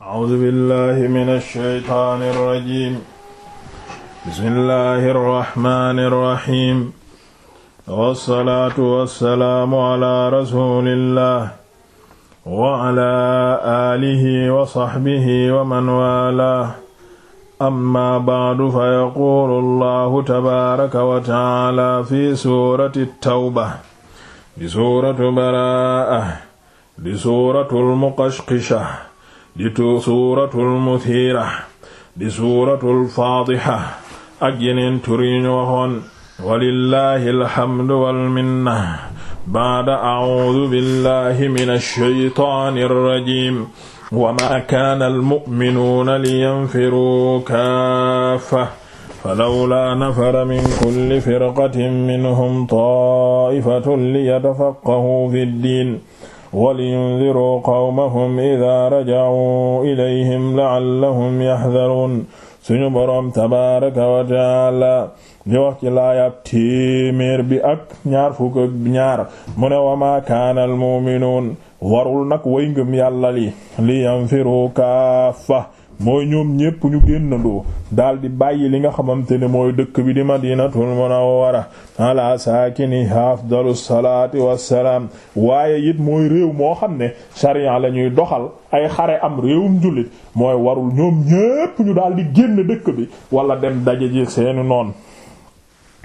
A'uuzu billaahi mina shaytaani rajiim. Bismillaahi rahmaani rahiim. Wassalaatu wassalaamu alaa rasuulillaah. Wa alaa aalihi wa sahbihi wa man waalaah. Ammaa ba'du fa yaquulu Allaahu tabaaraka wa ta'aalaa fi suurati at-Tawba, di suuratu Baraa'a, di suuratul Muqashqisha. di tu suuratul muthiira di suuratul faadiha ak yeneen tur yu ñu waxoon walillahi alhamdu wal minna baada a'uudu billahi minash shaytaanir rajiim wa maa kaana almu'minuuna liyanfiruu kaaffa falawlaa nafara min kulli firqatin minhum taa'ifatun liyatafaqqahuu fid diin ولينذروا قومهم إذا رجعوا إليهم لعلهم يحذرون suñu boroom tabaaraka wa taala di wax ci laayab téeméer bi ak ñaar fukk ak ñaar mu ne wa maa kaana al mu'minuun warul nag way ngëm yàlla li li yanfiru kaafa mooy ñoom ñépp ñu génnandoo daal di bàyyi li nga xamante ne mooy dëkk bi di madinatul munawwara ala saakini afdalu salaati wassalaam waaye it mooy réew moo xam ne sharia la ñuy doxal ay xare am réewum njulit mooy warul ñoom ñépp ñu daal di génn dëkk bi wala dem daje ji seeni noon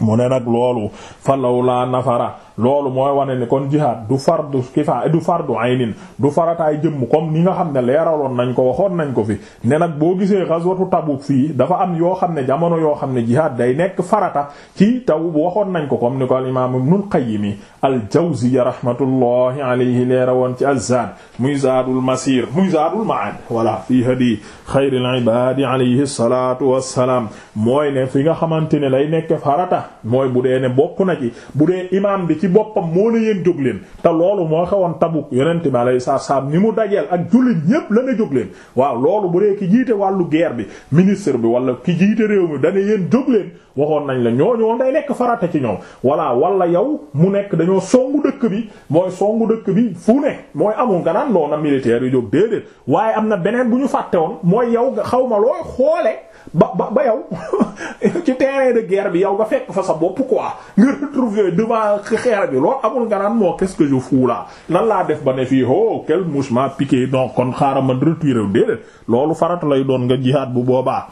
mu ne nag loolu fa lawla nafara loolu mooy wane ne kon jihaad du fardu kifa du fardu aynin du farataay jëmm comme ni nga xam ne leeraloon nañ ko waxoon nañ ko fi ne nag boo gisee ghazwatu Tabuk fii dafa am yoo xam ne jamono yoo xam ne jihaad day nekk farata ci taw waxoon nañ ko kom ni ko al imaam Ibnul Qayyim al-Jawziyya rahmatullahi alayhi leera woon ci az-Zaad muy Zaadul masir muy Zaadul Ma'aad wala fii hadi xayril ibaadi alayhi salaatu wassalaam mooy ne fi nga xamante ne lay nekk farata mooy bu dee ne bokk na ci bu dee imaam bi ci boppam moo ne yéen jóg leen te loolu moo xewoon Tabuk yonent bi alayhi salaam ni mu dajeel ak jullit ñépp la ne jóg leen waaw loolu bu dee ki jiite wàllu geer bi ministre bi wala ki jiite réew mi dane yéen jóg leen waxoon nañ la ñoo woon day nekk farata ci ñoom voilà wala yow mu nekk dañoo songu dëkk bi mooy songu dëkk bi fu ne mooy amul nga naan na militaire yu jóg déedéet waaye am na beneen bu ñu fàtte woon mooy yow xaw ma looy xoole ba ba ba yow ci terrain de guerre bi yow nga fekk fa sa bopp quoi nga retrouver devant xeer bi loolu amul nga naan moo qu'est-ce que je fous là laa def ba ne fii oh quelle mouche m'a piqué donc kon xaaral ma retiré wu loolu farata lay doon nga jihaad bu boobaa.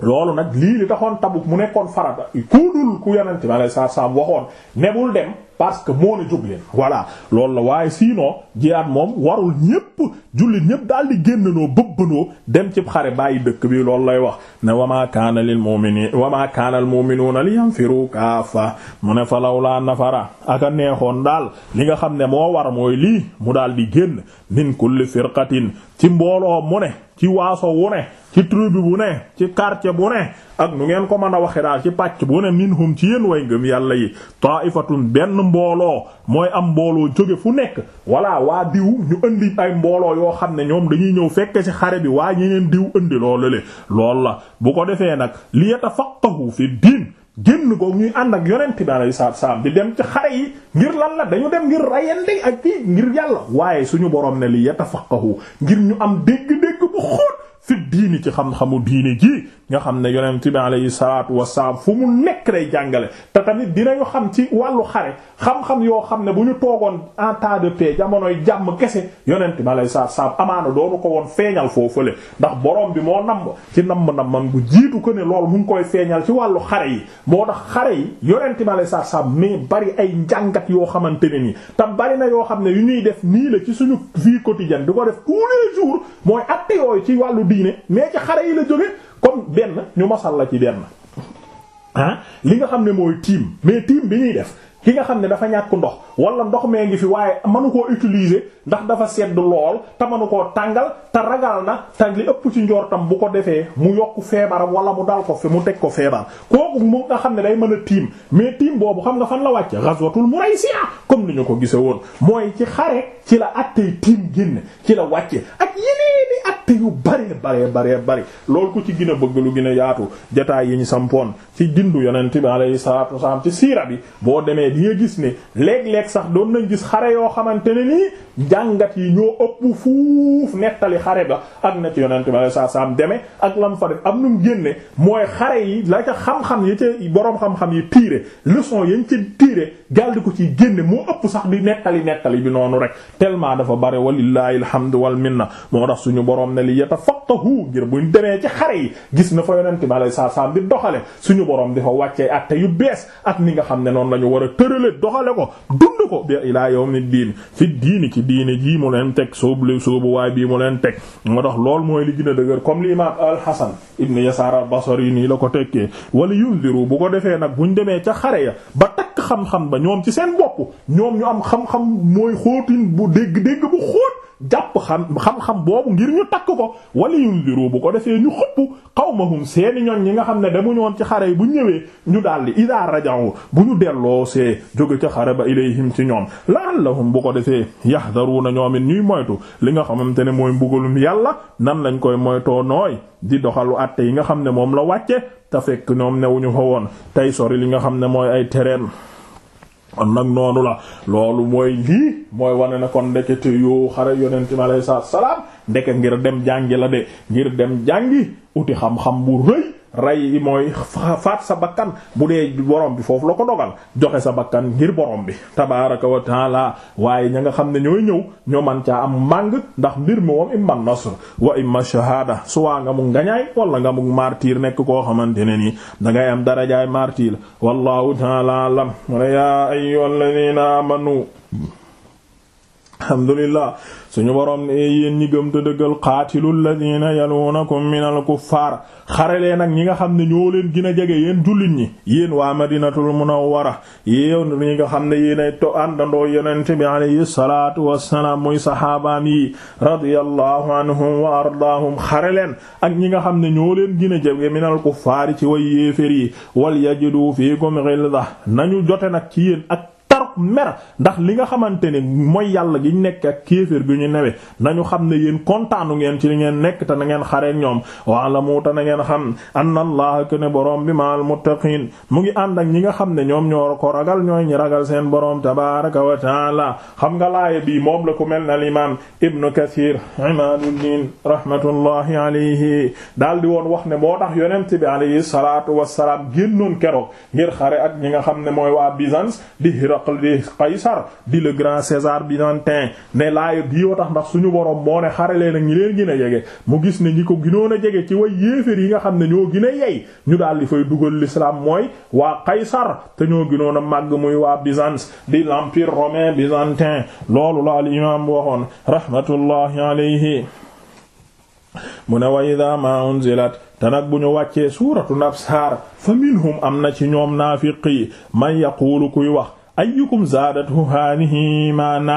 loolu nag lii li taxoon Tabuk mu nekkoon farata ku dul ku yonent ma lay saa saa waxoon nebul dem. parce que moo ne jóg leen voilà loolu la waaye sinon jihaad moom warul ñépp jullit ñépp daal di génnanoo bëbbanoo dem ci xare bàyyi dëkk bi loolu lay wax ne wama kaana lil mu'mini wama kaana al mu'minuuna li yanfiru kaafa mu ne fa laa nafara ak neexoon daal li nga xam ne moo war mooy lii mu daal di génn min kulli firqatin ci mbooloo mu ne ci waaso wu ne ci tribu bu ne ci quartier bu ne ak nu ngeen ko mën a waxe daal ci pàcc bu ne minhum ci yéen way ngëm yàlla yi ta'ifatun benn mbooloo mooy am mbooloo jóge fu nekk walla waa diw ñu indi ay mbooloo yoo xam ne ñoom dañuy ñëw fekke si xare bi waa ñeneen diw indi loolu le loolu la bu ko defee nag li yatafaqqahu fi diin génn ko ñuy ànd ak yonent bi alayhi salaatu salaam di dem ci xare yi ngir lan la dañu dem ngir rayandi ak kii ngir yàlla waaye suñu borom ne li yatafaqqahu ngir ñu am dégg-dégg bu xóot fi diini ci xam-xamu diini ji nga xam ne yonent bi alayhi salaatu wasalaam fu mu nekk lay jàngale te tamit dinañu xam ci wàllu xare xam-xam yoo xam ne bu ñu toogoon en temps de paix jamonoy jàmm kese yonent bi alayhi salaatu wasalaam amaana doonu ko woon feeñal foofu le ndax borom bi moo namb ci namb man bu jiitu ko ne loolu mu koy feeñal ci wàllu xare yi moo tax xare yi yonent bi alayhi salaatu wasalaam mais bari ay njàngat yoo xamante ne ni te bari na yoo xam ne yu ñuy def nii ci suñu vie quotidienne di ko diine mais ci xare yi la jóge comme benn ñu masal la ci benn ah li nga xam ne mooy tiim mais tiim bi ñuy def ki nga xam ne dafa ñàkk ndox wala ndox mee ngi fi waaye manu koo utiliser ndax dafa sedd lool te manu koo tàngal te ragal na te li ëpp ci tam bu ko defee mu yokk feebar wala mu dal ko fi mu teg ko feebar kooku mu nga xam ne day mën a tiim mais tiim boobu xam nga fan la wàcc ghazwatul muraysiya comme ni ñu ko gise woon mooy ci xare ci la attey tiim génn ci la wàcce ak yeneeni atte yu bare bare bare bare loolu ku ci gën a bëgg lu gën a yaatu jataay yi ñu sampoon ci gindu yonent bi di nga gis ne léeg-léeg sax doon nañ gis xare yoo xamante ne nii jàngat yi ñoo ëpp fuuf nettali xare ba ak na ci yonente ma saa saam demee ak lam fa def am num génne mooy xare yi la ca xam-xam boroom xam yi tiire leçon yañ ca tiire galdi ko ci génne moo ëpp sax di nettali nettali bi noonu rek tellement dafa bare walillahi alhamdu wal minna moo tax suñu boroom ne li yatafaqahu ngir buñ demee ci xare yi gis na fa yonente ma saa saam di doxale suñu boroom di fa wàccee atte yu bees ak ni nga xam ne noonu lañu war a tërale doxale ko dund ko bi ilaa yawmi diin fi diini ci diini jii mu leen teg sóobu sóobu waaye bii mu leen teg moo tax lool mooy li gën a dëgër comme li imaam al-Hasan ibn Yasaar al yi nii la ko tekkee wala yundiru bu ko defee nag buñ demee ca xare ya ba takk xam-xam ba ñoom ci seen bokk ñoom ñu am xam-xam mooy xóotin bu dégg-dégg bu xóot jàpp xam xam boobu ngir ñu takk ko wala yunziru bu ko defee ñu xëpp qawmahum seeni ñoon ñi nga xam ne damu ñoon ci xare yi bu ñëwee ñu daldi ida raja'u bu ñu delloo see jóge ca xare ba ilayhim ci ñoom la la'allahum bu ko defee yahdaruna ñoom it ñuy moytu li nga xamante ne mooy mbugalum yàlla nan lañ koy moytoo nooy di doxalu àtte yi nga xam ne moom la wàcce te fekk ñoom newuñu fa woon tey sori li nga xam ne mooy ay tereem kon nag noonu la loolu mooy lii mooy wane na kon ndekete yoo xare yonente ma alayhi salaam ndeke ngir dem jàngi la de ngir dem jàngi uti xam-xam bu rëy rey mooy faat sa bakkan bu dee borom bi foofu la ko dogal joxe sa bakkan ngir boroom bi tabaaraka wa taala waaye ña nga xam ne ñooy ñëw ñoo man caa am màng ndax mbir mi moom imma nasr wa imma shahada suwaa nga mu ngañaay wala nga mu martir nekk koo xamante ne nii dangay am darajaay martir wallahu taala alam ya ayyuhal ladina amanu alhamdulillah suñu boroom ne yéen ñi gëm te dëggal qaatilul ladina yaluunakum minal kuffaar xare leen ak ñi nga xam ne ñoo leen gën a jege yéen jullit ñi yéen waa madinatul munawwara yéen ñi nga xam ne yéen ay to àndandoo yonente bi alayhi salaatu wassalaam muy saxaabaam yi radiyallahu anhum wa ardaahum xare leen ak ñi nga xam ne ñoo leen gën a jege minal kuffaar ci way yéefér yi wal yajidu fiikum na nañu jote nag ci yéen ak mer ndax li nga xamante ne mooy yàlla gi ñu nekk ak kéeféer bi ñu newee nañu xam ne yéen kontaanu ngeen ci li ngeen nekk te na ngeen xaree ñoom waalamu te na ngeen xam anna allaha ne boroom bi ma'al muttaqiin mu ngi ànd ak ñi nga xam ne ñoom ñoo ko ragal ñooy ñi ragal seen borom tabaaraka wa taala xam nga laaya bii moom la ku mel na imaam ibnu kathir imaduddin rahmatullahi alayhi daal di woon wax ne moo tax yonent bi alayhi salaatu wa génnoon keroog ngir xare ak ñi nga xam ne mooy waa des Qaysar di le grand César byzantin ne laaya diwa tax ndax suñu borom moo ne xare leen ak ñi leen gën a jege mu gis ne ñi ko ginoon a jege ci way yéefér yi nga xam ne ñoo gën a yey ñu daal di fay dugal l'islam mooy waa Qaysar te ñoo ginoon a màgg muy waa Byzance di l'empire romain byzantin loolu la al imam waxoon rahmatullahi alayhi mu ne wa idha ma unzilat te nag bu ñu wàccee suuratu nabsaar fa minhum am na ci ñoom naafiqi man yaquulu kuy wax ayyukum zaadathu haadihi maana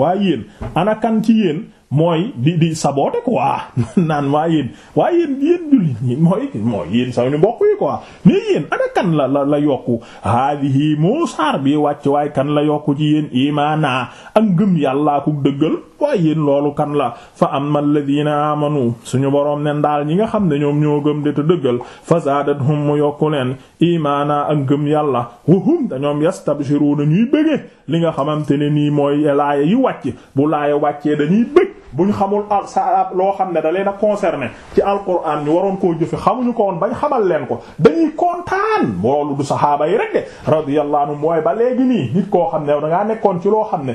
waa yéen ana kan ci yéen mooy di di saboter quoi naan waa yéen waa yéen yéen jullit ñi mooy mooy yéen sax ñu bokk yi quoi mais yéen ana kan la la la yokku haadihi moo bi wàcc waay kan la yokku ci yéen imaana ak ngëm yàllaa ko dëggal waaye yéen loolu kan la fa amma alladina amanu suñu boroom ne ndaal ñi nga xam ne ñoom ñoo gëm de te dëggal fa zaadathum mu yokku leen imaana ak gëm yàlla wahum dañoom yastabshiruna ñuy bëggee li nga xamante ne nii mooy laaya yi wàcc bu laaya wàccee dañuy bëgg ñu xamul al sa loo xam ne da na a concerné ci alquran ñu waroon koo jëfe xamuñu ko woon bañ xamal leen ko dañuy kontaan loolu du saxaaba yi rek de radiyallahu anhum ba léegi nii nit koo xam ne yow nekkoon ci loo xam ne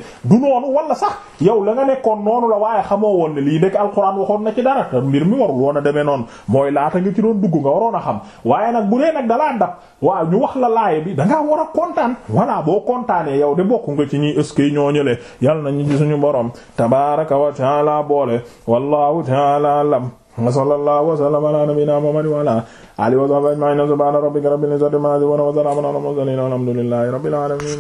nekkoon noonu la waaye xamoo woon ne lii dëkk alxuraan waxoon na ci dara te mbir mi warul woon a demee noonu mooy laata nga ci dugg nga waroon a xam waaye nag bu dee nag dalaa dab waaw ñu wax la laay bi da war a kontaan voilà boo kontaanee yow de bokk nga ci ñuy ësk yi ñoo ñële yal nañu ci suñu borom tabaaraka wa taala boole wallahu taala alam wa sallallahu wa sallama ala nabiyyina muhammad wa ala alihi wa sahbihi